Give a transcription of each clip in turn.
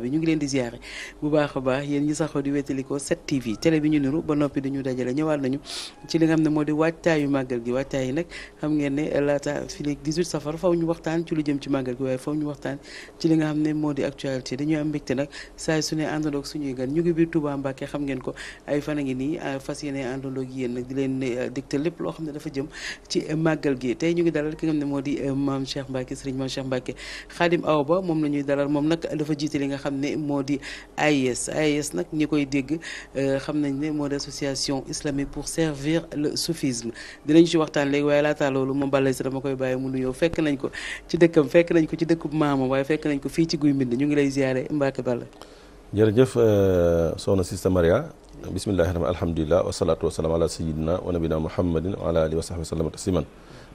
bi ñu ngi leen di a baax yéen ñi saxoo di wétalikoo 7TV télé bi ñu niru ba noppi dañu dajale ñëwaat nañu ci li nga xam ne moo di waajtaayu màggal gi waajtaay yi nag xam ngeen ne laata fii ñu ngi biir Touba Mbacké xam ngeen ko ay fan a ngi nii ah, fas yéene àndandoog yéen nag di eh, lépp loo xam ne dafa jëm ci eh, màggal gi tey ñu ngi dalal ki nga xam ne moo di eh, maam Cheikh Mbacké Serigne maam Cheikh Mbacké Khadim Awa moom la dalal moom nag dafa jiite li nga xam ne moo di AIS AIS nag ñi koy dégg euh, xam nañ ne moo di association islamique pour servir le soufisme dinañ ci waxtaan léegi waaye laataa loolu moom Balla Cissé dama koy bàyyi mu nuyoo fekk nañ ko ci dëkkam fekk nañ ko ci dëkkub maamam waaye fekk nañ ko fii ci guy mbind ñu ngi lay ziyaare Mbacké Balla jërëjëf euh, soxna Sista Maria bismillahi rahmaan alhamdulilah wasalaatu wasalaam ala sayidina wa nabina muhammadin wa ala alihi wa sahbi wa sallama tasliman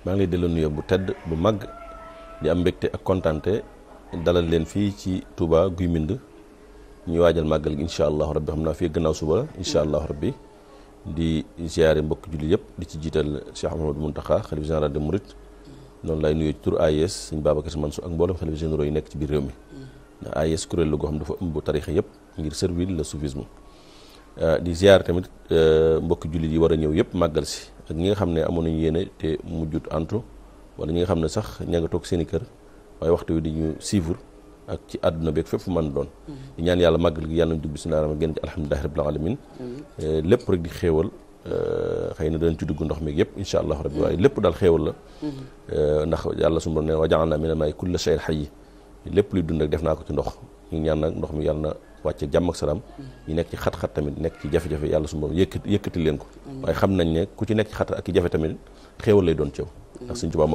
maa ngi lay delloo nuyoo bu tedd bu mag di am mbégte dalal leen fii ci Touba guy mbind ñuy waajal màggal gi incha allahu rabbi xam naa fii gannaaw suba la incha allahu rabbi di ziare mbokk julli yëpp di ci jiital Cheikh Mouhamadou Mountakha xalif général de Mouride noonu lay nuyoo ci tur AIS sëñ Babacar Sy Mansour ak mboolem xalif yi nekk ci biir réew mi ndax AIS kuréel la goo xam dafa ëmb tarixa yëpp ngir servir le soufisme euh, di ziar tamit euh, mbokk jullit yi war a ñëw yëpp màggal si ak ñi nga xam ne amoon nañu yéene te mujjut antu wala ñi nga xam ne sax ña nga toog seeni kër waaye waxtu wi di ñu suivre ak ci àdduna beeg fépp fu mën doon mhm. ñaan yàlla màggal gi yàlla nañ dugg bismillah rahmaan génn ci alhamdulillahi rabbil eh, lépp rek di xéewal eh, xëy na dañ ci dugg ndox mi yëpp insha allah rabbi waaye lépp dal xéewal la mhm. eh, ndax yàlla su ma nee wa ja'alna mina maa'i kulla shay'in hayy lépp luy dund rek def naa ko ci ndox ñu ñaan nag ndox mi yàlla na wàcce jàmm ak salaam mhm. ñu nekk ci xat-xat tamit nekk ci jafe-jafe yàlla su ma yëkkati yëkkati leen ko waaye xam nañ ne ku ci nekk xat ak jafe tamit xéewal lay doon ceew ndax suñ ci baa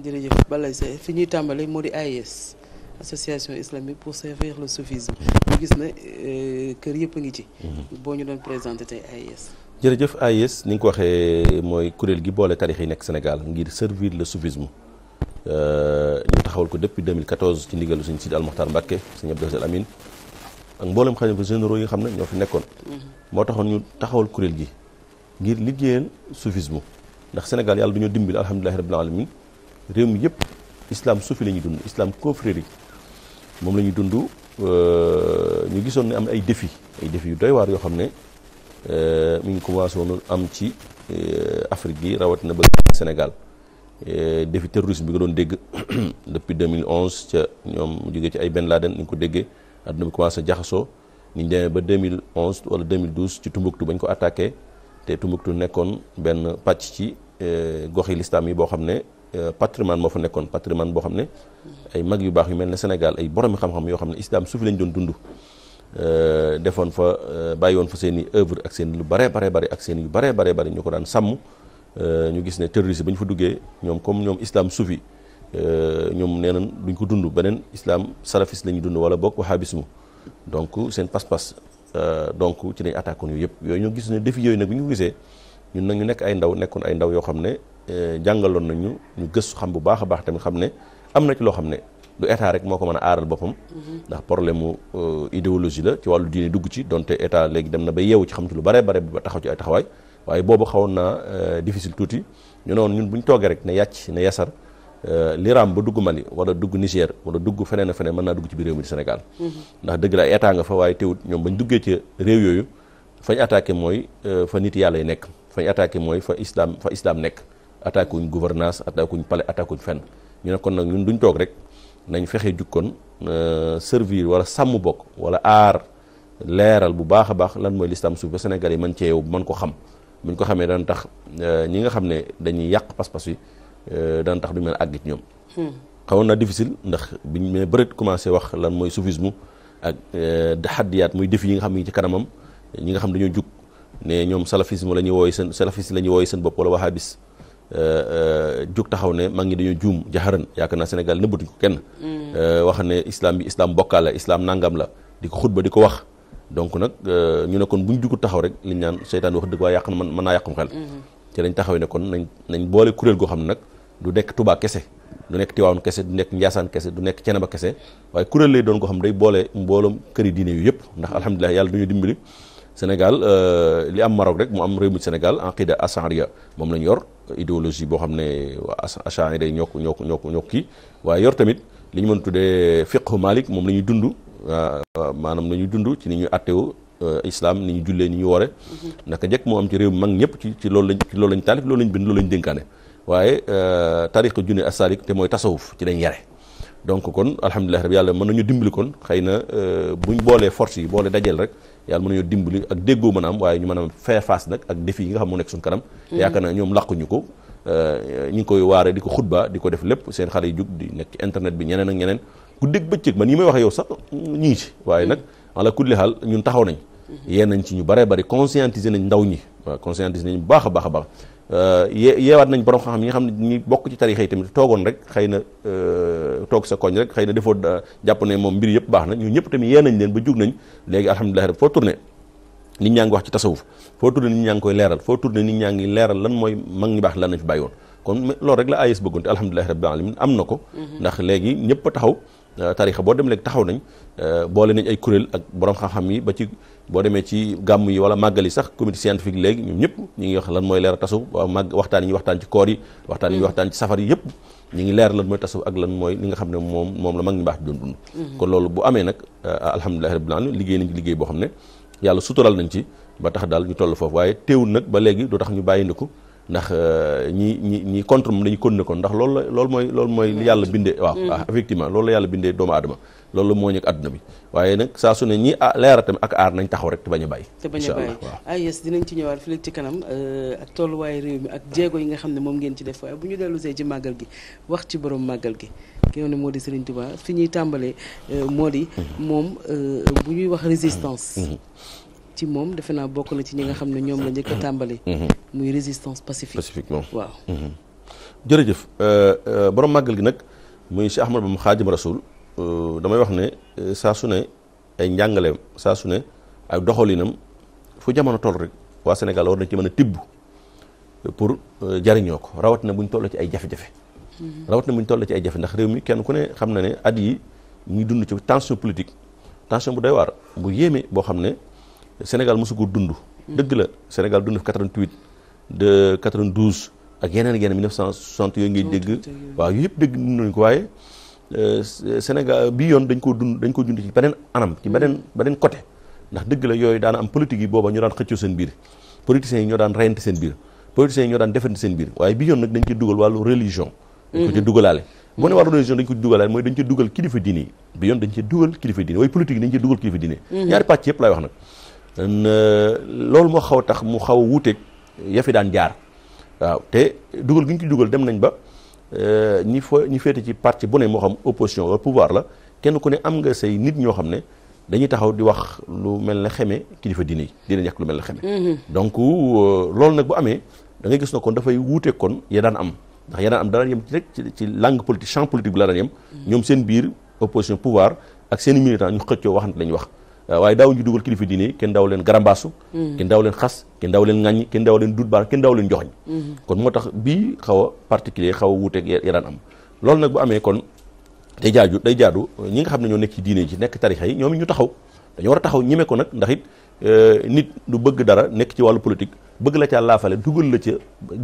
jërëjëf balay sa fi ñuy tàmbali moo di AIS e association islamique pour servir le soufisme ñu gis na euh, kër yëpp a ngi ci. Mhm. boo ñu doon présenté tey AIS. E jërëjëf AIS e ni nga ko waxee mooy kuréel gi boole tarix yi nekk Sénégal ngir servir le soufisme euh, ñu taxawal ko depuis 2014 ci ndigalu suñ Sidi Almoxtar Mbacke suñ Abdou Al Amin ak mboolem xalifa généraux yi nga xam ne ñoo fi nekkoon. Mhm. moo taxoon ñu taxawal kuréel gi ngir liggéeyal soufisme ndax Sénégal yàlla du ñu dimbil alhamdulilahi rabbil alamin réew mi yëpp islaam suufi la ñuy dund islam confrérie moom la ñuy dund euh, ñu gisoon ni am ay defi ay defi yu doy waar yoo xam ne euh, mi ngi commencé woon am ci euh, Afrique gi rawatina ba Sénégal défi terrorisme bi nga doon dégg depuis 2011 ca ñoom mu jógee ci ay Ben Laden ni ngi ko déggee àdduna bi commencé jaxasoo ni ñu demee ba 2011 wala 2012 ci Tumbuktu bañ ko attaqué te Tumbuktu nekkoon benn pàcc ci gox yi lislaam yi boo xam ne Euh, patrimoine moo fa nekkoon patrimoine boo xam ne ay mag yu baax yu mel ne Sénégal ay boromi xam-xam yoo xam ne islam suufi lañ doon dund euh, defoon fa euh, bàyyi woon fa seen i œuvre ak seen lu bare bare bare ak seen yu bare bare bare ñu ko daan sàmm ñu gis ne terroriste ba ñu fa duggee ñoom comme ñoom islam suufi ñoom nee nañ duñ ko dund beneen islam salafiste la ñuy dund wala bokk wahabisme donc seen pas-pas donc ci lañ attaquoon yooyu yëpp yooyu ñoo gis ne défi yooyu nag ñu ko ñun nag ñu nekk ay ndaw ay ndaw yoo xam ne Euh, jàngaloon nañu ñu gëstu xam bu baax a baax tamit xam ne am na ci loo xam ne lu état rek moo ko mën a aaral boppam. Mhm. ndax problème mu euh, idéologie la ci wàllu diine dugg ci donte état léegi dem na ba yeewu ci xam ci lu bare bare ba taxaw ci ay taxawaay waaye boobu xawoon naa euh, difficile tuuti ñu ne woon ñun bu ñu toogee rek ne yàcc ne yasar liram ba dugg Mali wala dugg Niger wala dugg feneen a feneen mën naa dugg ci biir réew mi di Sénégal. Mhm. ndax dëgg la état nga fa waaye teewut ñoom bañ duggee ci réew yooyu fañ attaqué mooy fa nit yàlla yi nekk fañ attaqué mooy fa islam fa islam nekk. attaque wuñ gouvernance attaque wuñ palais attaque wuñ fenn ñu ne kon nag ñun duñ toog rek nañ fexe jukkoon euh, servir wala sàmm bokk wala aar leeral bu baax a baax lan mooy lislaam suuf ba Sénégal yi man cee yow mën ko xam buñ ko xamee daan tax euh, ñi nga xam ne dañuy yàq pas-pas yi euh, daan tax duñ mën a àgg ci ñoom. Hmm. xawoon na difficile ndax biñ mais bëreet commencé wax lan mooy soufisme ak daxadiyaat muy défi yi nga xam ne ci kanamam nga xam dañoo jug ne ñoom salafisme la ñuy wooy seen salafiste la ñuy wooy seen bopp wala wahabis jug taxaw ne maa ngi dañoo juum jaxaran yaakaar naa Sénégal nëbbatuñ ko kenn. Euh, wax ne islaam bi islam bokkaale islam nangam la di ko xutba di ko wax. donc nag euh, ñu ne kon bu ñu jugut taxaw rek liñ naan seytaan wax dëgg waaye yàq na man mën naa yàqum xel. Mm-hmm. ci lañ taxaw ne kon nañ nañ boole kuréel goo xam ne nag du nekk tubaa kese. du nekk Tiwaawan kese du nekk Njaasaan kese du nekk Ceneba kese waaye kuréel lay doon koo xam day boole mbooloom këri diine yu yëpp ndax mm-hmm. alhamdulilah yàlla duñu dimbali Sénégal euh, li am Maroc rek mu am réew Sénégal aqida asharia moom lañ yor idéologie boo xam ne achan day ñoo ko ñoo ko ñoo ko ñoo kii waaye yor tamit li ñu mën tuddee fiqhu malik moom la ñuy dund maanaam la ñuy dund ci ni ñu attewu euh, islam ni ñu jullee ni ñu wore mhm. naka njëkk moo am ci réew mag ñëpp ci ci loolu lañ ci lañ taalif loolu lañu bind loolu lañ dénkaane waaye euh, tariqa junne asalik te mooy tasawuf ci lañ yare donc kon alhamdulilah rabbi yàlla mën na ñu dimbali kon xëy na euh, buñ boolee force yi boole dajeel rek yàlla mën nañoo dimbali ak déggoo mën a am waaye ñu mën a faire face nag ak défi yi nga xam moo nekk suñu kanam mm-hmm. yaakaar naa ñoom làquñu ko euh, ñu ngi koy waaree di ko xutba di ko def lépp seen xale yi jug di nekk internet bi ñeneen ak ñeneen ku dégg bëccëg man yi may wax yow sax ñu ngi ci waaye nag mm-hmm. ala kulli xaal ñun taxaw nañ mm-hmm. yéen nañ ci ñu bare bari conscientiser nañ ndaw ñi waaw conscientiser nañ baax a baax a baax Euh, yee yeewaat nañ borom xam-xam yi nga xam ne ñi bokk ci tarixa yi tamit toogoon rek xay na euh, toog sa koñ rek xëy na defoo jàpp ne moom mbir yëpp baax na ñu ñëpp tamit yee nañ leen ba jug nañ léegi alhamdulilah rek foo tourné nit ñaa ngi wax ci tasawuf foo tourné nit ñaa ngi koy leeral foo tourné nit ñaa ngi leeral lan mooy mag ñi baax lan lañ fi bàyyi woon kon loolu rek la ayis bëggoon te alhamdulilah rabbil alamin am na ko mm-hmm. ndax léegi ñëpp taxaw euh, tarixa boo dem léegi taxaw nañ boole nañ ay kuréel ak borom xam-xam yi ba ci boo demee ci gàmm yi wala màggal yi sax comité scientifique léegi ñoom ñëpp ñu ngi wax lan mooy leeral tasawuf màgg waxtaan yi ñu waxtaan ci koor yi waxtaan yi ñu mm. waxtaan ci safar yi yëpp ñu ngi leer lan mooy tasawuf ak lan mooy li nga xam ne moom moom la mag ñu baax di doon mm-hmm. kon loolu bu amee nag euh, alhamdulilahi rabbil naan liggéey nañ ci liggéey boo xam ne yàlla sutural nañ ci ba tax daal ñu toll foofu waaye teewul nag ba léegi doo tax ñu bàyyi ndiku ndax euh, ñi ñi ñi contre moom dañu kon ne kon ndax loolu la loolu mooy loolu mooy li yàlla bindee mm-hmm. waaw effectivement loolu la yàlla bindee doomu aadama lool la moo ñëw adduna bi waaye nag saa su ne ñi ah, leera tamit ak aar nañ taxaw rek te bañ a bàyyi te bañ a bàyyi waaw ah, yes dinañ ci ñëwaat fii ci kanam euh, ak tolluwaayu réew mi ak jéego yi nga xam ne moom ngeen ci def waaye bu ñu dellu see ci màggal gi wax ci borom màggal gi ki nga xam ne moo di Serigne Touba fi ñuy tàmbalee euh, moo di mm-hmm. moom bu ñuy wax résistance mm-hmm. ci moom defe naa bokk na ci ñi nga xam ne ñoom la njëkk a tàmbali. Mhm. muy résistance pacifique. pacifiquement waaw. Mhm. jërëjëf euh, euh, borom màggal gi nag muy Cheikh Ahmad Bamba Xaadim Rasul euh, damay wax ne saa su ne ay njàngaleem saa su ne ay doxalinam fu jamono toll rek waa Sénégal war na ci man a tibb pour jariñoo ko rawat na buñ toll ci ay jafe-jafe. Mhm. rawat na buñ toll ci ay jafe ndax réew mi kenn ku ne xam na ne at yi ñuy dund ci tension politique tension bu doy waar bu yéeme Sénégal mosu ko dund. dëgg la Sénégal dund 88 de 92 ak yeneen yeneen 1960 yooyu ngay dégg. waaw yooyu yëpp dégg nañu ko waaye euh, koo dund ko dund ci beneen anam ci beneen beneen ndax dëgg la yooyu daana am politique yi booba ñu daan xëccoo seen biir politiciens yi ñoo daan reyante seen biir politiciens yi ñoo daan defante seen biir waaye bii yoon nag dañ ci dugal wàllu religion. dañ ko ci mhm. dugalaale. boo ne wàllu mhm. religion dañ ko ci dugalaale mooy dañ ci dugal kilifa diine yi bi yoon dañ ci dugal kilifa diine waaye politique yi dañ ci dugal kilifa diine. Mhm. ñaari Euh, loolu moo xaw tax mu xaw a wuuteeg ya daan jaar waaw te dugal gi ñu ci dugal dem nañ ba euh, ñi foo ñi féete ci parti bu ne moo xam opposition wala pouvoir la kenn ku ne am nga say nit ñoo xam ne dañuy taxaw di wax lu mel ne xeme kilifa diine yi di leen yàq lu mel ne xeme. Mm-hmm. donc euh, loolu nag bu amee da ngay gis na kon dafay wuuteeg kon ya daan am ndax ya daan am dara yem ci rek ci langue politique champ politique bi la daan yem. Mm-hmm. ñoom seen biir opposition pouvoir ak seen militant ñu xëccoo waxante lañu wax. Euh, waaye daaw ñu dugal kilifa diine yi kenn daaw leen garambaasu mm. kenn daaw leen xas kenn daaw leen ŋàññi kenn daaw leen duut baar kenn daaw leen joxoñ mm-hmm. kon moo tax bii xaw a particulier xaw a wuuteeg ya daan am loolu nag bu amee kon day jaaju day jaadu ñi nga xam ne ñoo nekk ci diine yi ci nekk tarixa yi ñoom ñu taxaw dañoo war a taxaw ñime ko nag ndax it euh, nit du bëgg dara nekk ci wàllu politique bëgg la caa laafale dugal la ca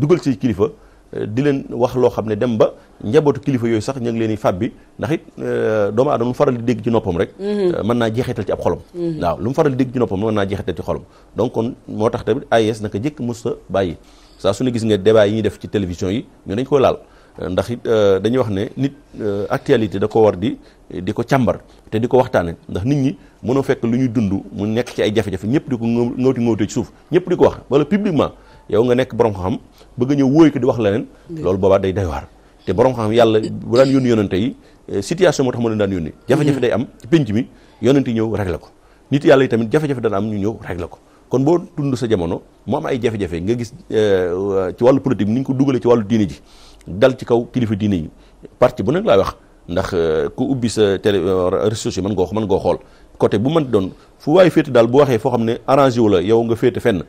dugal ci kilifa di leen wax loo xam ne dem ba njabootu kilifa yooyu sax ñu ngi leen di fàbbi ndax it euh, doomu aadama lu mu faral di dégg ci noppam rek mhm. euh, mën naa jeexital ci ab xolom mhm. waaw lu mu faral di dégg ci noppam mën naa jeexital ci xolam donc kon moo tax tamit AIS naka jëkk mës a bàyyi saa su ne gis nga débat yi ñuy def ci télévision yi ñu dañ koy laal euh, ndax it dañuy wax ne nit actualité da ko war di di ko càmbar te di ko waxtaane ndax nit ñi mënoo fekk lu ñuy dund mu nekk ci ay jafe-jafe ñëpp di ko ngawti ngawti ci suuf ñëpp di ko wax wala publiquement yow nga nekk borom xam bëgg ñëw wóoy ko di wax leneen mm. loolu boobaa day day waar te borom xam yàlla bu daan yónni yonante yi eh, situation moo tax mu leen daan yónni jafe-jafe mm. day am ci pénc mi yonante yi ñëw réglé ko nit yàlla yi tamit jafe-jafe dana am ñu ñëw la ko kon boo dund sa jamono mu am ay jafe-jafe nga gis eh, ci wàllu politique ni ñu ko dugalee ci wàllu diine ji dal ci kaw kilifa diine yi parti bu nekk laay wax ndax eh, ku ubbi sa télé réseaux sociaux mën ngoo mën ngoo xool côté bu mën doon fu waaye féete daal bu waxee foo xam ne arrangé wu yow nga féete fenn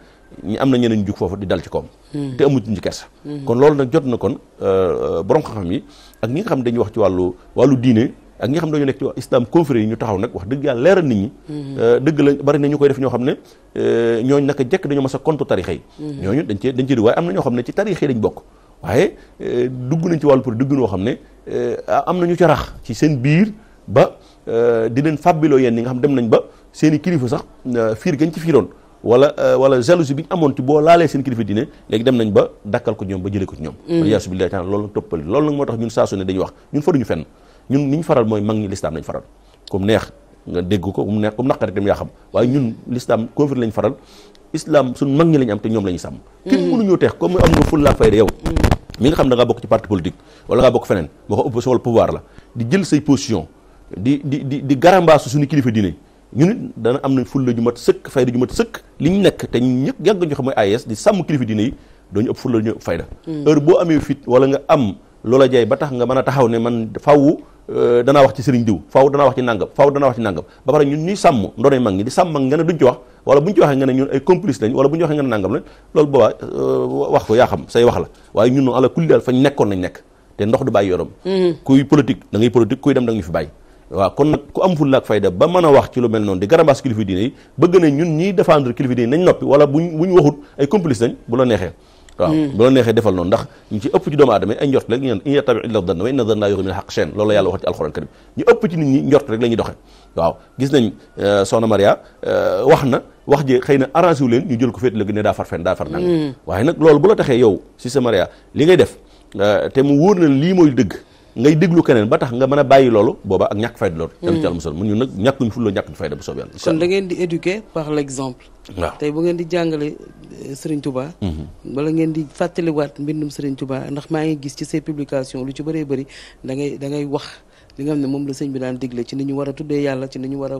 ñi am na ñeneen jug foofu di dal ci koom. Hmm. te amatuñu ci kersa. Hmm. kon loolu nag jot na kon euh, euh, borom xam-xam yi ak ñi nga xam dañuy wax ci wàllu wàllu diine ak ñi nga xam dañoo nekk ci islam confrérie yi ñu taxaw nag wax dëgg yàlla leeral nit ñi. Hmm. Euh, dëgg la bari na ñu def ñoo xam ne ñooñu naka jekk dañoo mas a compte tarixa yi. ñooñu dañ cee dañ cee di waaye am na ñoo xam ne ci tarixa yi dañ bokk waaye dugg nañ ci wàllu pour dugg noo xam ne am na ñu ci rax ci seen biir ba di leen fàbbiloo yenn yi nga xam dem nañ ba seen i kilifa sax fiir gañ ci fiiroon wala euh, wala jalousie bi ñu amoon ci boo laalee seen kilifa diine léegi dem nañ ba dakkal ko ñoom ba jëlee ko ci ñoom mm. waliyasu billahi taala loolu toppali loolu nag moo tax ñun saa su ne dañuy wax ñun faruñu fenn ñun ni ñu faral mooy mag ñi lislaam lañ faral comme neex nga dégg ko comme neex comme naqari tam yaa xam waaye ñun lislaam confrérie lañ faral islam suñu mag ñi lañ am te ñoom la ñuy sàmm kenn mm. mënuñoo teex comme am nga fulla ak fayda yow mm. mi nga xam da ngaa bokk ci parti politique wala ngaa bokk feneen boo ko opposition wala pouvoir la di jël say position di di di di garambaasu suñu kilifa diine ñun it dana am nañ fulla ju mat sëkk fayda ju mat sëkk li ñu nekk te ñu ñëpp yàgg ñu xam mooy AES di sàmm kilifa diine yi dañu ëpp fulla ñu ëpp fayda mm. heure boo amee fit wala nga am loola jaay ba tax nga mën a taxaw ne man faaw euh, danaa wax ci sëriñ diw faaw wax ci nàngam faaw danaa wax ci nàngam ba pare ñun ñuy sàmm ndoonay mag ñi di sàmm mag nga ne duñ ci wax wala buñ ci waxee nga ne ñun ay complice lañ wala buñ ci waxee nga ne nàngam euh, xam say wax la waaye ñun noonu ala kulli daal fañ nekkoon nañ nekk te ndox du bàyyi yoonam mm-hmm. kuy politique da ngay politique kuy dem da ñu fi bàyyi waaw kon nag ku am fulla ak fayda ba mën a wax ci lu mel noonu di garambas kilifa diine yi bëgg na ñun ñiy défendre kilifa diine nañ noppi wala buñ bu ñu waxut ay complice lañ bu la neexee waaw hmm. bu la neexee defal noonu ndax ñu ci ëpp ci doomu aadama ay njort rek ñaan in yattabi illa dhanna wa inna dhanna laa yughni min al-haqqi shay'an loolu la yàlla wax ci alxuraan waaw gis nañ euh, soxna Maria euh, wax na wax ji xëy na arrangé wu leen ñu jël ko feet la léegi ne daa far fen daa far nang hmm. waaye nag loolu bu la taxee yow si sa Maria li ngay def euh, te mu wóor na lii mooy dëgg ngay déglu keneen ba tax nga mën a bàyyi loolu booba ak ñàkk fayda loolu hmm. yàlla ci yàlla musal mun ñun nag ñàkkuñu fulla ñàkkuñu fayda di éduquer par tey bu ngeen di jàngale euh, Serigne Touba hmm. wala ngeen di fàttaliwaat mbindum Serigne Touba ndax maa ngi gis ci say publication lu ci bëree bëri da ngay da ngay wax li ne moom la sëñ bi daan digle ci ni ñu war a tuddee yàlla ci ni ñu war a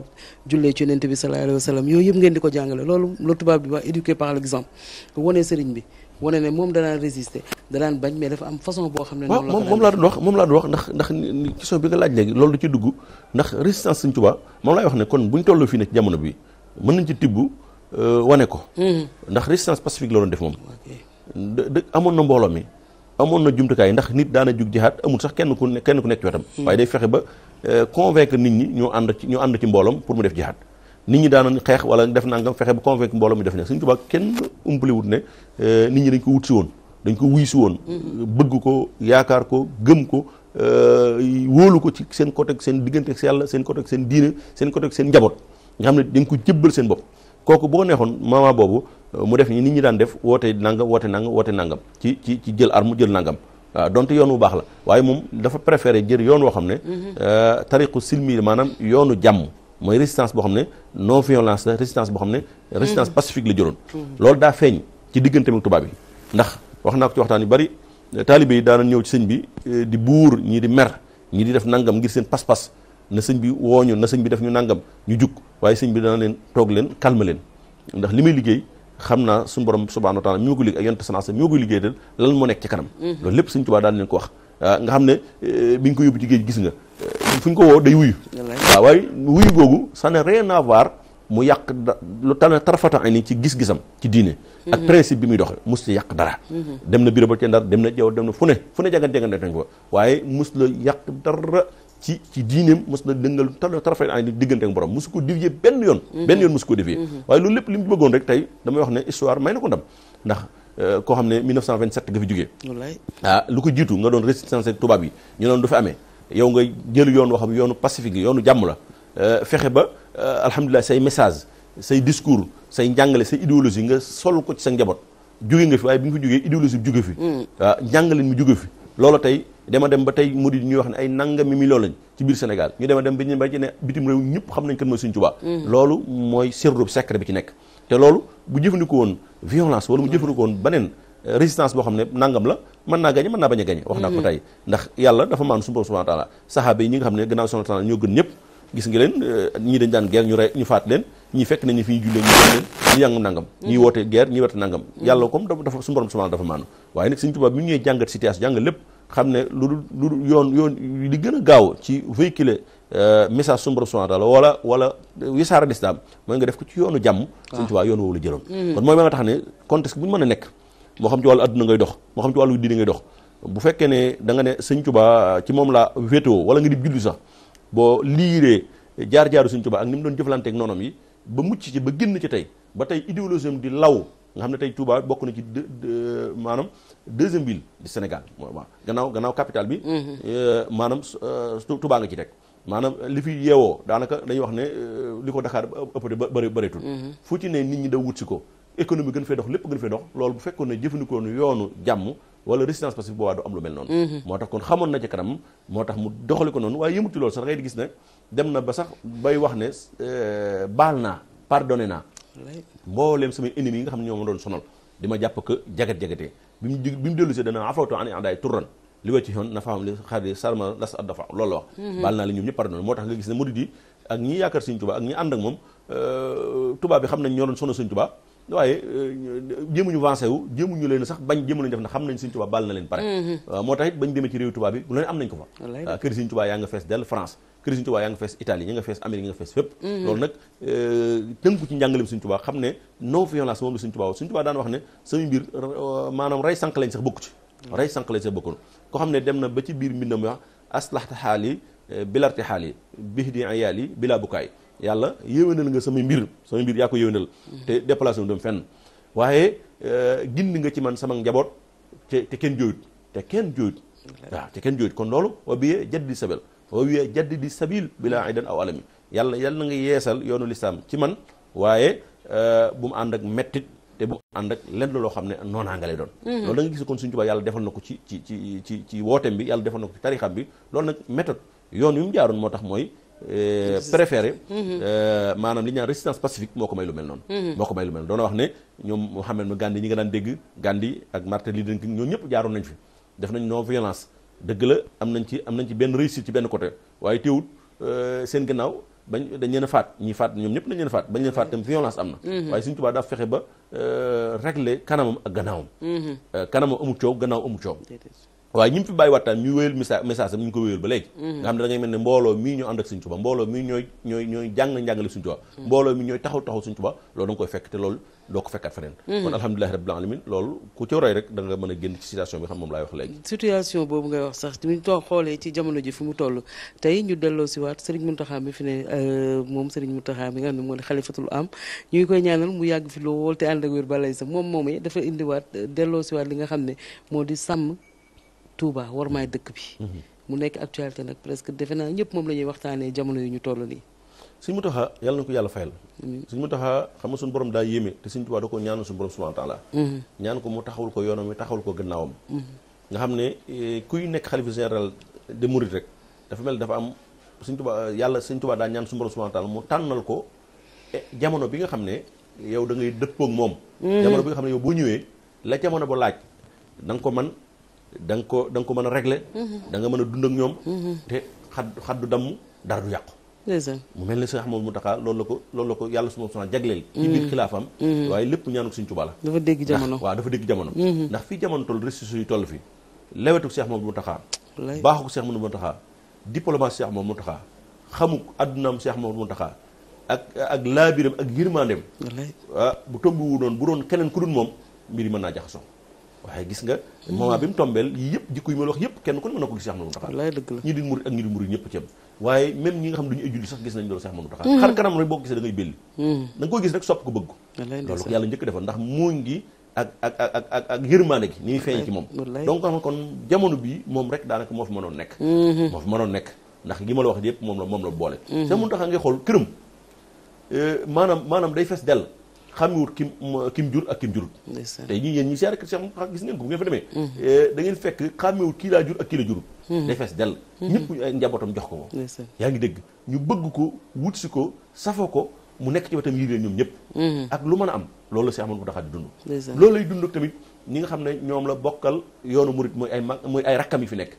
jullee ci yonent bi sallallahu yëpp ngeen di ko jàngale loolu la tubaab bi wax éduquer par l'exemple wone seriñ bi wane ne moom danaan résister danaan bañ mais dafa am façon boo xam ne. noonu la moom laa doon wax moom laa doon wax ndax ndax question bi nga laaj léegi loolu du ci dugg ndax résistance Sëñ Tuubaa moom laay wax ne kon bu ñu tolloo fii nekk jamono bi mën nañ ci tibb euh, wane ko. Mhm. ndax résistance pacifique la def moom. de amoon na mbooloo mi amoon na jumtukaay ndax nit daana jug jihaat amul sax kenn ku ne kenn ku nekk ci wetam. Mhm. waaye day fexe ba euh, convaincre nit ñi ñoo ànd ci ñoo ànd ci mbooloom pour mu def jihaat. nit ñi daan xeex wala def nangam fexe ba convaincre mbooloo mi def ne Sëriñ Tuubaa kenn umpale wut ne euh, nit ñi dañ ko wut si woon dañ ko wuy si woon mm-hmm. bëgg ko yaakaar ko gëm ko euh, wóolu ko ci seen côté ak seen diggante ak yàlla seen côté seen diine seen côté seen njaboot nga xam ne dañ ko jébbal seen bopp kooku boo neexoon moment boobu euh, mu def ni nit ñi daan def woote nangam woote nangam woote nangam ci ci ci jël arme jël nangam waaw donte yoon wu baax la waaye moom dafa préféré jël yoon woo xam ne mm-hmm. tariqu silmi maanaam yoonu jàmm mooy résistance boo xam ne no violence la résistance boo xam ne résistance mm. pacifique la jëloon mm. loolu daa feeñ ci diggante ak tubaab yi ndax wax naa ko ci waxtaan yu bari taalibe yi daana ñëw ci sëñ bi eh, di buur ñii di mer ñii di def nangam ngir seen pas-pas na sëñ bi wooñu na sëñ bi def ñu nangam ñu jug waaye sëñ bi dana leen toog leen calme leen ndax li may liggéey xam naa suñu borom subhanahu wa taala mi ma ko liggéey ak yonte sanasa mi ma koy liggéey dal lan moo nekk ci kanam mm. loolu lépp sëñ Tuubaa daan leen ah, nga xam ne bi eh, ñu ko yóbbu ci géej gis nga fu ñu ko woo day wuyu waaw waaye wuyu googu ça n'a rien mu yàq da lu tane tarafata ay ci gis-gisam ci diine mhm. ak bi muy doxe mus la yàq dara mhm. dem na bureau ba ca Ndar dem na jaw dem na fu ne fu ne jagan jagan dañ ko waaye mus la yàq dara ci ci diineem mos na dëngal tal tarafay ay ni diggante borom mosu ko dévier benn yoon mhm. benn yoon mosu ko dévier waaye loolu lépp li mu bëggoon rek tey damay wax ne histoire may na ko ndam ndax euh, koo xam ne 1927 nga fi jógee ah lu ko jiitu nga doon résistance ak tubaab yi ñu doon du fi amee yow nga jël yoon waxam yoonu pacifique yoonu jàmm la euh, fexe ba euh, alhamdulilah say message say discours say njàngale say idéologie nga sol ko ci sa njaboot jóge nga fi waaye bi nga fi jógee idéologie bi jóge fi mm. waaw njàngale mi jóge fi loolu tey dema dem ba tey murid ñuy wax ne ay nangami million lañ ci biir Sénégal ñu dema dem ba ñu ba ci ne bitim réew ñëpp xam nañ kan mooy Sëriñ Tuubaa mm. loolu mooy serrub secret bi ci nekk te loolu bu jëfandikoo woon violence wala mu jëfandikoo woon beneen résistance boo xam ne nangam la mën naa gañe mën naa bañ a gañe wax naa ko mm-hmm. tey ndax yàlla dafa ne gannaaw subhanahu wa taala ñoo gën ñëpp gis nga leen euh, ñii ñu fi ñu jullee ñu ñu yàngam nangam ñii mm-hmm. woote guerre ñii woote mm-hmm. comme dafa suñu borom subhanahu dafa maanu waaye nag suñu tubaab bi xam ne lu dul lu dul yoon yoon li a gaaw ci véhiculer euh, message suñu borom subhanahu wa taala wala wala euh, wisaara lislaam mooy nga def ko ci yoonu jàmm ah. suñu tubaab yoon woowu la jëloon kon mooy ma nga tax ne contexte bu ñu mën a nekk moo xam ci wàllu adduna ngay dox moo xam ci wàllu diine ngay dox bu fekkee ne danga ne sëñ Tuba ci moom la wéetoo wala nga di julli sax boo liiree jaar-jaaru sëñ Tuba ak ni mu doon jëflanteeg noonam yi ba mucc ci ba génn ci tey ba tey idéologie am di law nga xam ne tey Touba bokk na ci maanaam deuxième ville du Sénégal waaw gannaaw gannaaw capitale bi. maanaam Touba nga ci rek maanaam li fi yeewoo daanaka dañuy wax ne li ko Dakar ëpp ba bëri bëreetul. fu ci ne nit ñi daw wut si ko. économie gën fay dox lépp gën fay dox loolu bu fekkoon ne jëfandikoo yoonu jàmm wala résistance passive boobaa du am lu mel noonu mhm. moo tax na ci moo tax mu doxali ko noonu waaye yëmuti loolu sax ngay ne dem na ba sax bay wax ne euh, baal naa pardonné yi nga xam ne ñoo ma doon sonal di ma jàpp que jagat-jagatee bi mu bi mu dellu si dana afawto ani andaay moo tax nga gis ne euh, bi xam nañ ñoo doon sonal Sëñ waaye euh, ñu avancé wu jéemuñu leen sax bañ jéemu leen def na xam nañ Sëriñ Tuubaa baal na leen pare waaw mm-hmm. euh, moo tax bañ demee ci réew tubaab bi lu leen am nañ ko fa euh, kër Sëriñ Tuubaa yaa nga fees dell France kër Sëriñ Tuubaa yaa nga fees Italie ñi nga fees Amérique ñi nga fees fépp mm-hmm. loolu nag tënku ci njàngaleem Sëriñ Tuubaa xam ne non violence moom la Sëriñ Tuubaa Sëriñ Tuubaa daan wax ne samay mbir maanaam rey sànq lañ sax bokku ci mm-hmm. rey sànq lañ sax bokkoon xam ne dem na ba ci biir mbindam wax aslaxta xaal yi bilarti xaal yi bixdi ayaal yi bilaa yàlla yéwénal nga samay mbir samay mbir yaa ko yéwénal te déplacé wu dem fenn waaye euh, gindi nga ci man sama njaboot te te kenn jooyut te kenn jooyut waaw te kenn jooyut kon loolu wa biyee jadd di sabil wa biyee jadd di sabil bila idan aw alami yàlla yàlla na nga yeesal yoonu lislaam ci man waaye euh, bu mu ànd ak mettit te bu ànd ak lenn loo xam ne noonaa nga lay doon mhm. loolu da nga gis kon suñu Tuubaa yàlla defal na ko ci ci ci wooteem bi yàlla defal na ko ci tarixam bi loolu nag méthode yoon yu mu jaaroon moo tax mooy Euh, préféré mhm. euh, maanaam li ñu naan résistance pacifique moo ko may lu mel noonu mhm. moo ko may lu mel noonu doona wax ne ñoom Mohamed Gandhi ñi nga daan dégg Gandhi ak Martin Luther King ñoo ñëpp jaaroon nañ fi def nañ non violence dëgg la am nañ ci am nañ ci benn réussite ci benn côté waaye teewut euh, seen gannaaw bañ dañ leen a faat ñi faat ñoom ñëpp dañ leen a faat bañ leen faat tam violence am na mhm. waaye suñu tubaab daa fexe ba régler kanamam ak gannaawam kanamam gannaaw amul coow waaye ñi mu fi bàyyi waxtaan ñu wéyal message message ñu ko wéyal ba léegi mm-hmm. ne da ngay mel ne mbooloo mii ñoo ànd ak Sëñ Tuubaa mbooloo mii ñooy ñooy mm-hmm. taxaw taxaw Sëñ Tuubaa loolu da nga fekk loolu doo ko fekkaat feneen mm-hmm. kon alhamdulilahi a génn ci situation bi xam moom situation boobu ngay wax sax ñu toog xoolee jamono ji fu mu toll tey ñu delloo si waat Sëriñ Muntaxa mi fi ne euh, moom Sëriñ Muntaxa mi nga xam ne moo di xalifatul am ñu ngi koy ñaanal mu yàgg fi lool te ànd ak wér balay sax moom moomee dafa indiwaat delloo si waat li nga xam ne moo di sàmm Touba war maay dëkk bi. mu nekk actualité nag presque defe naa ñëpp moom la ñuy waxtaanee jamono yu ñu toll nii. suñ mu taxaa yàlla na ko yàlla fayal. suñ mu taxaa xam nga suñu borom daa yéeme te wa taala mm-hmm. ñaan ko mu taxawul ko yoonam mi taxawul ko gannaawam. Mm-hmm. nga xam ne e, kuy nekk xalifa général de Mouride rek dafa mel dafa am suñ Tuubaa yàlla suñ Tuubaa daa ñaan suñu mu tànnal ko e, jamono bi nga xam ne yow da ngay dëppoog moom. Mm-hmm. jamono bi nga xam ne yow boo ñëwee la jamono ba laaj da ko man da nga ko da nga ko mën a régler. Mhm. da nga mën a dund ak ñoom. Mhm. te xad xaddu damm dara du yàqu. mu mel ne Cheikh Ahmadou Mountakha loolu la ko loolu la ko yàlla su ma sonal jagleel. ci mhm. biir xilaafam. waaye lépp ñaanuk Sëriñ Tuubaa la. dafa dégg jamono waaw dafa dégg jamono. ndax fii jamono toll ressources yu toll fii lewetuk Cheikh Ahmadou Mountakha. wallay baaxu ko Cheikh Ahmadou Mountakha diplomatie Cheikh Ahmadou Mountakha xamuk addunaam Cheikh Ahmadou Mountakha ak ak laabiram ak yërmandeem. Ah, bu tomb wu doon bu doon keneen ku moom mbir yi mën naa jaxasoo waaye gis nga moment bi mu tombeel yii yëpp jikko yi ma la wax yëpp kenn ku ne mën na ko gis Seex Ahmadu Muntaxa wallaay dëgg la ñi di murit ak ñi di murit ñëpp ceeb waaye même ñi nga xam duñu ay julli sax gis nañ loolu Seex Ahmadu Muntaxa mm-hmm. xar kanam rek boo ko gisee da ngay belli mm-hmm. da nga koy gis rek sopp ko bëgg ko loolu ko moo rek daanaka moo fi mënoon nekk mm-hmm. moo fi nekk ndax gi ma la wax yëpp la moom la boole Seex Ahmadu Muntaxa ngay xool këram euh, maanaam maanaam day fees dell xam xamewut kim kim jur ak kim jurut tey ñii yéen ñi siyaare Cheikh Mouhamed gis ngeen ko bu ngeen fa demee mm-hmm. eh, da ngeen fekk xamewut kii laa jur ak kii la jurut mm-hmm. day fees dell mm-hmm. ñëpp ñu ay njabootam jox ko moom yaa ngi dégg ñu bëgg ko wut si ko safoo ko mu nekk ci wetam yi leen ñoom ñëpp ak lu man a am loolu la si amoon ko taxaat di dund loolu lay dund tamit ñi nga xam ne ñoom la bokkal yoonu murit mooy ay mag mooy ay rakkam yi fi nekk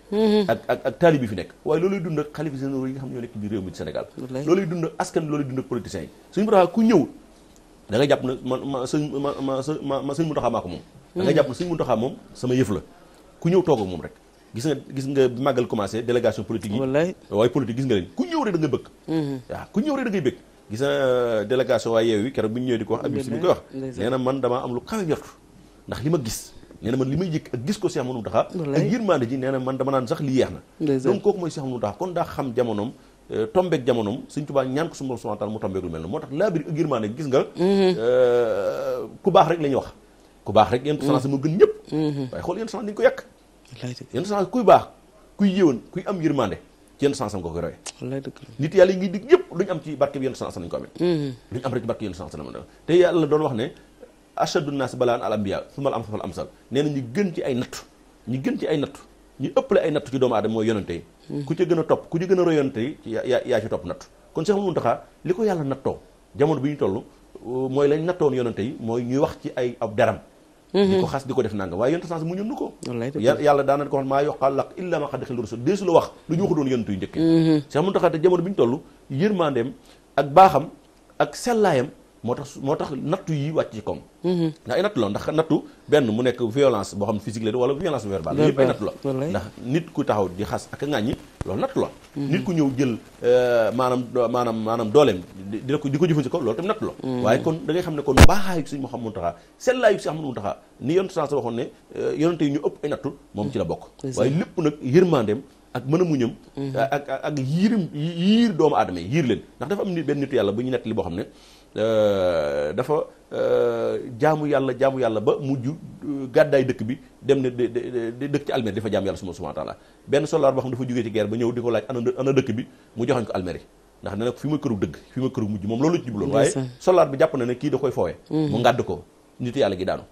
ak ak taalib yi fi nekk waaye loolu lay dund ak xalifa généraux yi nga xam ne loolu lay dund ak askan loolu lay dund ak politiciens ku ñëw da jàpp na man ma sëñ ma ma ma ma sëñ Muntaxa maa ko moom. da nga jàpp ne sëñ Muntaxa moom sama yëf la ku ñëw toog moom rek. gis nga gis nga bi màggal commencé délégation politique yi. wallaay waaye politique gis nga leen ku ñëw rek da nga bëgg. Mhm. waaw ku ñëw rek da ngay bëgg. gis euh, na délégation wax. man damaa am lu kawe njort ndax li ma gis. nee na man li may yëg ak gis ko Cheikh Mamadou Mountakha ak yërmande ji nee na man dama naan sax li yeex na donc kooku mooy Cheikh Mamadou Mountakha kon daa xam jamonoom Euh, tombeeg jamonoom Sëriñ Tuubaa ñaan ko suñu borom subhaanahu wa taala mu tombeeg lu mel noonu moo tax laabiri ak yërmaande gis nga mhm. euh, ku baax rek la ñuy wax ku baax rek yentu si mhm. moo gën ñëpp mhm. waaye xool yentu sax dañu ko yàq yentu sanc kuy baax kuy yëwan kuy am yërmaande ci yentu sanc nga koy nit yàlla yi ngi dig ñëpp lu am ci barke bi yentu sanc lañu ko amee lu ñu am rek ci barke yentu sanc la mën a te yàlla doon wax ne ashadu naas balaan al ambiya sumal am safal amsal nee na ñu gën ci ay nattu ñu gën ci ay nattu ñu ëppale ay nattu ci doomu aadama mooy yonente yi ku ci gën a topp ku ci gën a royante yi yaa yaa ci topp natt kon Cheikh Mountakha li ko yàlla nattoo jamono bi ñu toll uh, mooy lañ nattoon yonante yi mooy ñuy wax ci ay ab deram mm-hmm. di ko xas di ko def nanga waaye yonte sans mu ñun ko yàlla daana ko wax maa yoqaal laq illa ma xad xil rasul deesu la wax lu ñu waxu doon yonante yu njëkk mm-hmm. Cheikh Mountakha te jamono bi ñu toll yërmandeem ak baaxam ak sellaayam moo tax moo tax nattu yi wàcc ci koom mm-hmm. ndax ay nattu la ndax benn mu nekk violence boo xam physique la wala violence verbale yëpp ay nattu la nit ku taxaw di xas ak a ŋàññi loolu nattu la mm-hmm. nit ku ñëw jël euh, maanaam maanaam maanaam dooleem di ko di ko jëfandikoo loolu tamit nattu la mm-hmm. waaye kon da xam ne kon mbaaxaayu Sëñ Mouhamadou Mountakha sellaayu Sëñ Mouhamadou Mountakha ni yonent sa waxoon ne euh, yonent yi ñu ëpp ay nattu moom ci la bokk waaye lépp nag yërmandeem ak mën a muñam ak ak yiirim yiir doomu aadama yi yiir leen ndax dafa am benn nitu yàlla bu ñu nett li boo xam ne Euh, dafa euh, jaamu yàlla jaamu yàlla ba mujj euh, gàddaay dëkk bi dem ne de dëkk ci almeri dafa jaamu yàlla suma subhanahu wa taala benn soldaar boo xam dafa jógee ci guerre ba ñëw di ko laaj ana ana dëkk bi mu joxañ ko almeri ndax ne nag fi ma këru dëgg fi ma këru mujj moom loolu ci jubloon waaye soldaar bi jàpp na ne kii da koy foowe mm. mu ngàdd ko nit yàlla gi daanu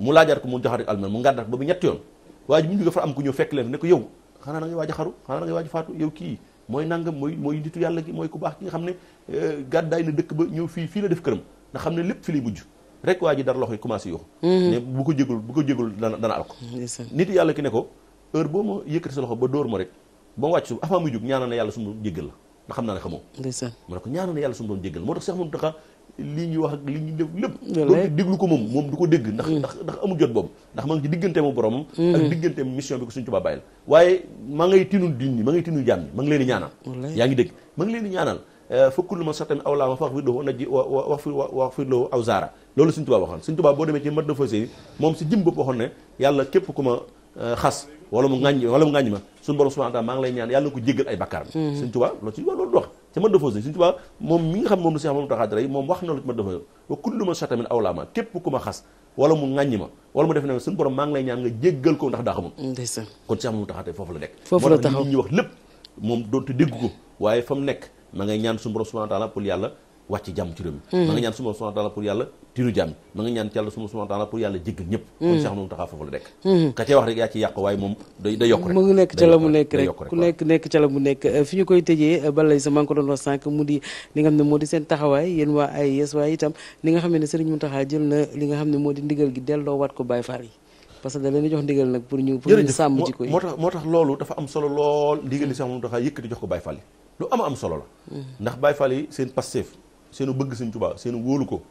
mu laajaat ko mu joxaat almeri mu ngàddat ba bu ñett yoon waa ji mu jógee fa am ko ñëw fekk leen ne ko yow xanaa na ngay waaj a xaru xanaa da ngay waaj a faatu yow kii mooy nangam mooy mooy nitu mooy ku baax ki nga xam ne Euh, gàddaay na dëkk ba ñëw fii fii la def këram nga xam ne lépp fi lay mujj rek waa ji dara loxo yi commencé yuuxu mhm. ne bu ko jégul bu ko jégul dana dana al ko nit yàlla ki ne ko heure boo ma yëkkati sa loxo ba dóor ma rek ba wàcc suuf avant mu jóg ñaanal na yàlla suñu borom la ndax xam na yàlla suñu borom jéggal la moo tax Cheikh Mountakha lii ñuy wax lépp doo déglu ko moom moom du ko dégg ndax mm. ndax ndax amul jot boobu ndax ma ngi ci diggante mu boromam mm. ak diggante mission bi ko suñu Tuubaa bàyyil waaye maa ngay tinul diñ ñi ngay tinul jaam ñi maa ngi leen ñaanal yaa ngi dégg maa ngi leen di ñaanal fa kullu man satami aw laama fax firdoo na ji ma euh, xas wala mu ŋàññ wala mu ma suñu borom maa ngi lay ñaan yàlla na ko jéggal ay bakkaar hmm. Sëñ Tuubaa loolu si wa loolu wax ca mat dafase Sëñ Tuubaa moom mi nga xam moom la si xamam taxaadara yi moom wax na lu ci mat dafa wa kullu man satami aw laama képp ku ma xas wala ko ndax daa xamul kon si xamam taxaate foofu la nekk foofu la taxaw ma ngay ñaan suñu borom subhanahu pour yàlla wàcc jàmm ci réew mi ma hmm. nga ñaan suñu borom subhanahu pour yàlla tinu jàmm moo di seen taxawaay yéen waa ay yes li nga xam ne Serigne Mountakha jël di jox ko Baye Fall yi lu am am solo la. ndax Baye Fall yi seen Pastef seenu bëgg Sëñ Tuubaa seenu wóolu ko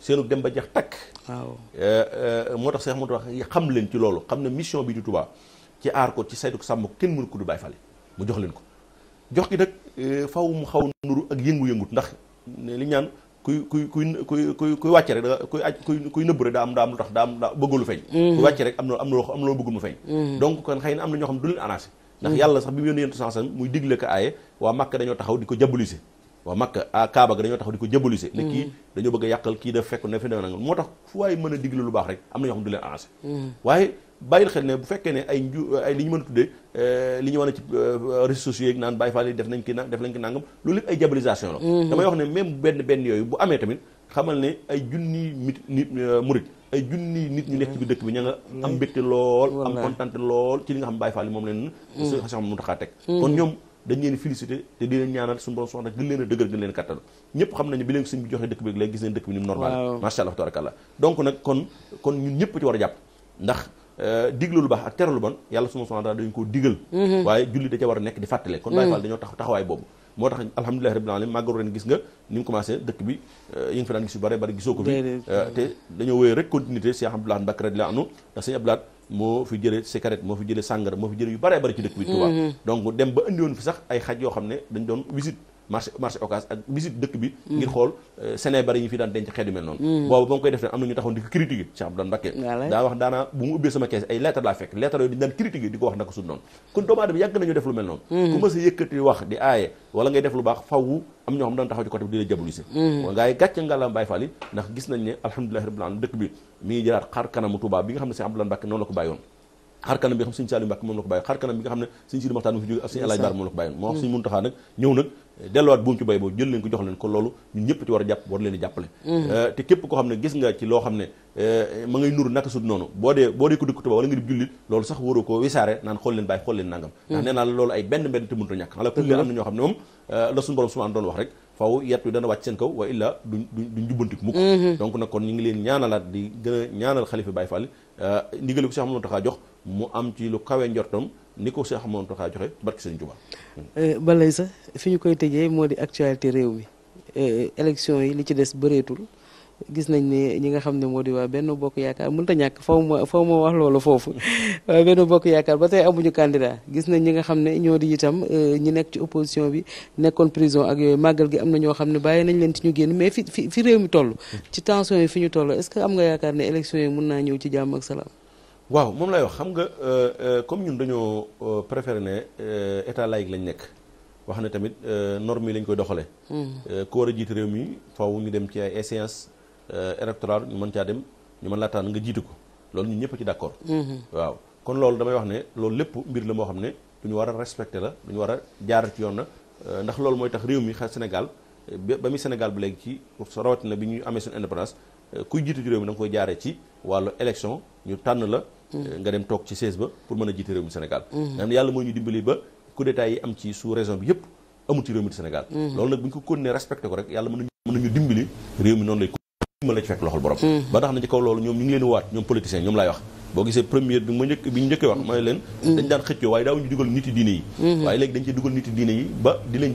seenu dem ba jeex takk. waaw eh, eh, moo tax Seex Ahmadu wax xam leen ci loolu xam ne mission bi di Tuubaa ci aar ko ci kenn mënu ko du Baye Fall mu jox leen ko. jox gi nag eh, faw mu xaw nuru ak yëngu-yëngut ndax li ñaan kuy kuy kuy kuy kuy wàcce rek da kuy kuy kuy nëbb rek daa am daa am lu tax daa am daa bëgg feeñ. Mm-hmm. kuy wàcce rek am na am na loo am na bëgg mu feeñ. Mm-hmm. donc kon xëy na am na ñoo xam du leen arrangé ndax mm-hmm. yàlla sax bi mu yónni yonent sallallahu alayhi wasallam muy digle ko aaye waa Makka dañoo taxaw di ko jabalise waa Makka a ah, Kaaba ga dañoo taxaw di ko jabalise ne kii mm-hmm. dañoo bëgg yàqal kii daf fekk ne fi nanga moo tax fu waaye mën a digle lu baax rek am na ñoo xam du leen arrangé mm-hmm. waaye bàyyil xel ne bu fekkee ne ay nju ay li ñu mën a tuddee eh, li ñu wane ci eh, réseaux sociaux yeeg naan Baye Fall def nañ ki na def nañ ki nangam loolu lépp ay diabolisation la damay wax ne même benn benn yooyu bu amee tamit xamal ne ay junni mit nit eh, ay junni nit ñu nekk ci dëkk bi ña nga mm. am mbégte lool am kontaan lool ci li nga xam ne Baye Fall yi moom leen Cheikh Mouhamed Mountakha teg mm. kon ñoom dañ leen félicité te di leen ñaanal suñu borom soxna gën leen dëgër gën leen kattan ñëpp xam nañu bi leen suñ bi joxee dëkk bi léegi gis nañ dëkk bi ni mu normal macha allah tabarakallah donc nag kon kon ñun ñëpp ci war a jàpp ndax euh, digle lu baax ak tere lu bon yàlla suma soxna dañ koo digal mm-hmm. waaye julli da fàttale kon Baye mm. Fall dañoo tax boobu moo tax alhamdulilahi rabbil alamin màggaru ren gis nga ni mu commencé dëkk bi euh, yi nga fi daan gis yu bare bare gisoo ko bi euh, te dañoo wéyee rek continuité Cheikh Abdou Lahad Mbacké radiyallahu anhu moo fi jëlee cigarette moo fi jëlee sàngara moo fi jëlee yu bare bare ci dëkk bi Tuubaa mm-hmm. donc dem ba indi fi sax ay xaj yoo xam ne dañ doon visite marché marché Ocass ak visite dëkk bi ngir xool euh, Sénégal yi ñu fi daan denc xeetu mel noonu hmm. boobu ba nga koy def am na ñu taxoon di ko critiquer Cheikh Abdoulaye Mbacké daa wax daanaa bu mu ubbee sama kees ay lettre laa fekk lettre yooyu di ko wax naka su noonu kon doomu aadama hmm. hmm. gis nañ ne bi mi ngi jëlaat xar kanamu Touba bi nga xam ne Cheikh Abdoulaye Mbacké noonu la ko bàyyoon xar kanam bi xam sëñ Saliou Mbacke moom la ko bàyyi xar nga xam ne sëñ Sidi Maxtaar mu moom la ko bàyyi moo eh, mm-hmm. eh, loo xam ne eh, ma boo dee boo dee ko dëkk tubaab wala nga di jullit loolu ko wisaare naan xool leen bàyyi xool mm-hmm. la loolu ay benn a ñàkk mm-hmm. am doon wax rek faw yet wi dana wàcc seen kaw wa illa duñ duñ jubbantik mukk donc nag kon ñu ngi leen ñaanalaat di gën a ñaanal xalifa Baye Fall ndigal ko si xam ne taxaa jox mu am ci lu kawe njortam ni ko Cheikh Mouhamadou Mountakha joxe ci barke Serigne Touba. Eh, balay sax fi ñu koy tëjee moo di actualité réew mi eh, élection yi li ci des bëreetul gis nañ ni ñu nga xam ne moo di waa benn bokk yaakaar mënut a ñàkk faw ma faw ma wax loolu foofu waa yaakaar ba tey amuñu candidat gis nañ ñi nga xam ne ñoo di itam eh, ñi nekk ci opposition bi nekkoon prison ak yooyu màggal gi am na ñoo xam ne bàyyi nañ leen ci ñu génn mais fi fi fi réew mi toll. Mm. ci tension yi fi ñu toll est que am nga yaakaar ne élection yi mën naa ñëw ci jàmm ak salaam. waaw moom lay wax xam nga euh, euh, comme ñun dañoo euh, préféré ne état laïque lañu nekk wax ne tamit normes yi lañ koy doxale hmm. ku war a jiit réew mi faaw ñu dem ci ay séance électorale ñu mën caa dem ñu mën laa tànn nga jiitu ko loolu ñun ñëpp ci d' accord. Hmm. waaw kon loolu damay wax ne loolu lépp mbir la moo xam ne du ñu war a respecté la du ñu war a jaar ci yoon na ndax loolu mooy tax réew mi xel Sénégal ba mi Sénégal ba léegi ci rawatina bi ñuy amee suñu indépendance. Euh, kuy jiitu ci réew mi da koy jaaree ci wàllu élection ñu tànn la. Mm. Euh, nga dem toog ci siège ba pour mën a jiite réew mi Sénégal. Mm. nga yàlla moo ñu dimbali ba coup yi am ci sous région bi yëpp amul ci réew mi Sénégal. Mm. loolu nag bu ñu ko continuer respecté ko rek yàlla mën nañu dimbali réew mi noonu lay fekk loxol borom. ba tax na ci kaw loolu ñoom ñu ngi leen waat ñoom politiciens ñoom laay wax boo gisee première bi ma njëkk bi ñu njëkkee wax mooy leen dañ daan xëccoo waaye daawuñu dugal nit yi diine yi mm-hmm. waaye léegi dañ cee dugal nit yi diine yi ba mm-hmm.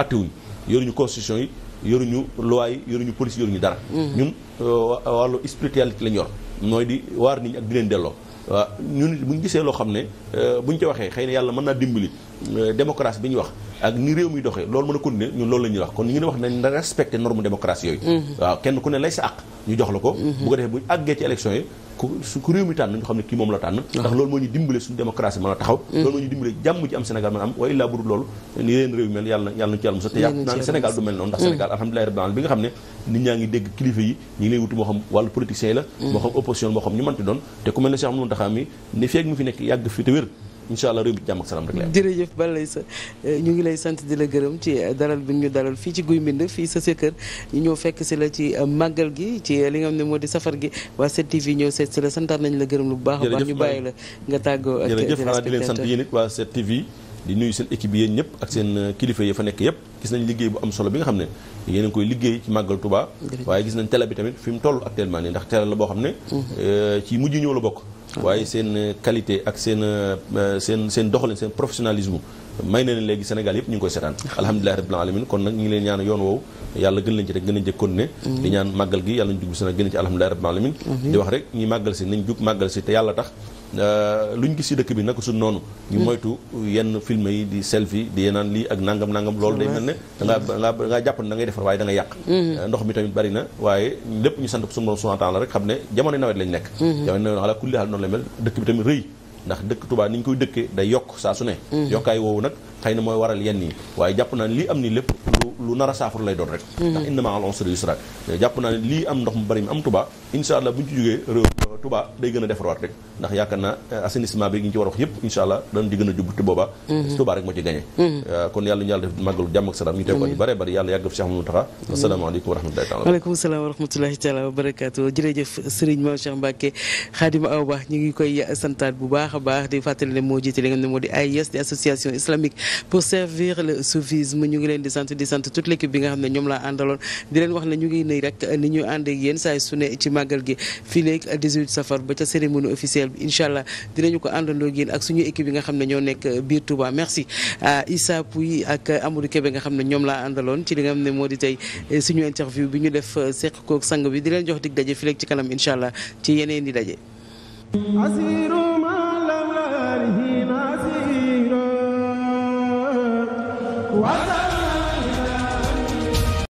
euh, yi yoruñu loi yi yoruñu police yoruñu dara. Mm-hmm. ñun euh, wàllu spiritualité lañ yor mooy di waar nit ñi ak di leen delloo. waaw ñun bu ñu gisee loo xam ne euh, buñ ca waxee xëy na yàlla mën naa dimbali euh, démocratie bi ñuy wax ak ni réew mi doxee loolu mën a continuer ñun loolu la wax kon ñu ngi wax nañ respecté norme démocratie yooyu. Mm-hmm. waaw kenn ku ne lay sa àq ñu jox la ko. Mm-hmm. bu ko defee bu àggee ci élection yi. ku su ku réew mi tànn ñu xam ne kii moom la tànn ah. ndax loolu moo ñu dimbale suñu démocratie mën a taxaw hmm. loolu moo ñu dimbale jàmm ci am Sénégal mën am wa illaa burul loolu ni yeneen réew yi mel yàlla na yàlla ci yàlla mos a te yàlla naa ne Sénégal du mel noonu ndax Sénégal hmm. alhamdulilah rabbil alamin bi nga xam ne nit ñaa ngi dégg kilifa yi ñu lay wuti moo xam wàllu politicien la hmm. moo xam opposition moo xam ñu mënti doon te ku mel ne Cheikh Mountakha ne incha allah réew bi jàmm ak salaam rek la jërëjëf balay sa ñu ngi lay sant di la gërëm ci dalal bi ñu dalal fii ci Guy Mbind fii sa sa kër ñu ñëw fekk si la ci màggal gi ci li nga xam ne moo di safar gi waa 7TV ñëw seet si la santaan nañ la gërëm lu baax a baax ñu bàyyi la nga tàggoo ak jërëjëf xanaa di leen sant yéen it waa 7TV di nuyu seen équipe yéen ñëpp ak seen euh, kilifa yi fa nekk yëpp gis nañ liggéey bu am solo bi nga xam ne yéen koy liggéey ci màggal Tuubaa waaye gis nañ tele bi tamit fi mu toll actuellement nii ndax télé boo xam ne uhuh. euh, ci mujj ñëw la bokk waaye seen euh, qualité ak seen euh, euh, seen seen doxalin seen professionnalisme may na leen léegi Sénégal yëpp ñu ngi koy seetaan alhamdulilahi rabbil alamin kon nag ñu leen ñaan yoon woowu yàlla gën leen ci rek gën leen ci continuer di ñaan màggal gi yàlla ñu jug Sénégal gën ci alhamdulilahi rabbil alamin mm-hmm. di wax rek ñi màggal si nañ jug màggal si te yàlla tax Euh, lu ñu gis ci dëkk bi naka su noonu. ñu hmm. moytu yenn film yi di selfie di yenaan lii ak nangam nangam. loolu day mel ne da ngaa da jàpp ne da ngay defar waaye da ngay yàq. Hmm. Euh, ndox mi tamit bari na waaye lépp ñu sant ko suñu borom subhanahu wa rek xam ne jamono nawet lañ nekk. Hmm. jamono nawet ala dëkk bi tamit rëy. ndax dëkk ni ñu koy dëkkee day yokk saa su ne yokkaay woowu nag xëy na mooy waral yenn yi waaye jàpp naa ne lii am ni lépp lu lu nar a lay doon rek ndax inna ma'al usri yusra jàpp naa ne am ndox mu bari am Touba insha allah bu ñu ci jógee réew Touba day gën a defarwaat rek ndax yaakaar naa eh, assainissement bi ngi ci war a wax yëpp incha allah danañ ci gën a jubbu te booba mhm. Touba rek moo ci gagné mhm. eh, kon yàlla ñu yàlla def màggalu jàmm ak salaam ñu teew mhm. a association islamique pour servir le soufisme ñu ngi leen di sant di sant toute l'équipe bi nga xam ne ñoom laa àndaloon di leen wax ne ñu ngi nii rek ni ñu ànd ak saay su ci màggal gi fii léegi 18 safar ba ca cérémonie officielle bi incha allah dinañu ko àndandoo yéen ak suñu équipe yi nga xam ne ñoo nekk biir Touba merci à Issa ak Amadou Kébé nga xam ne ñoom laa àndaloon ci li nga xam ne moo di tey eh, suñu interview bi ñu def eh, seq kook sang bi di leen jox dig daje fi léegi ci kanam incha allah ci yeneen di daje. What?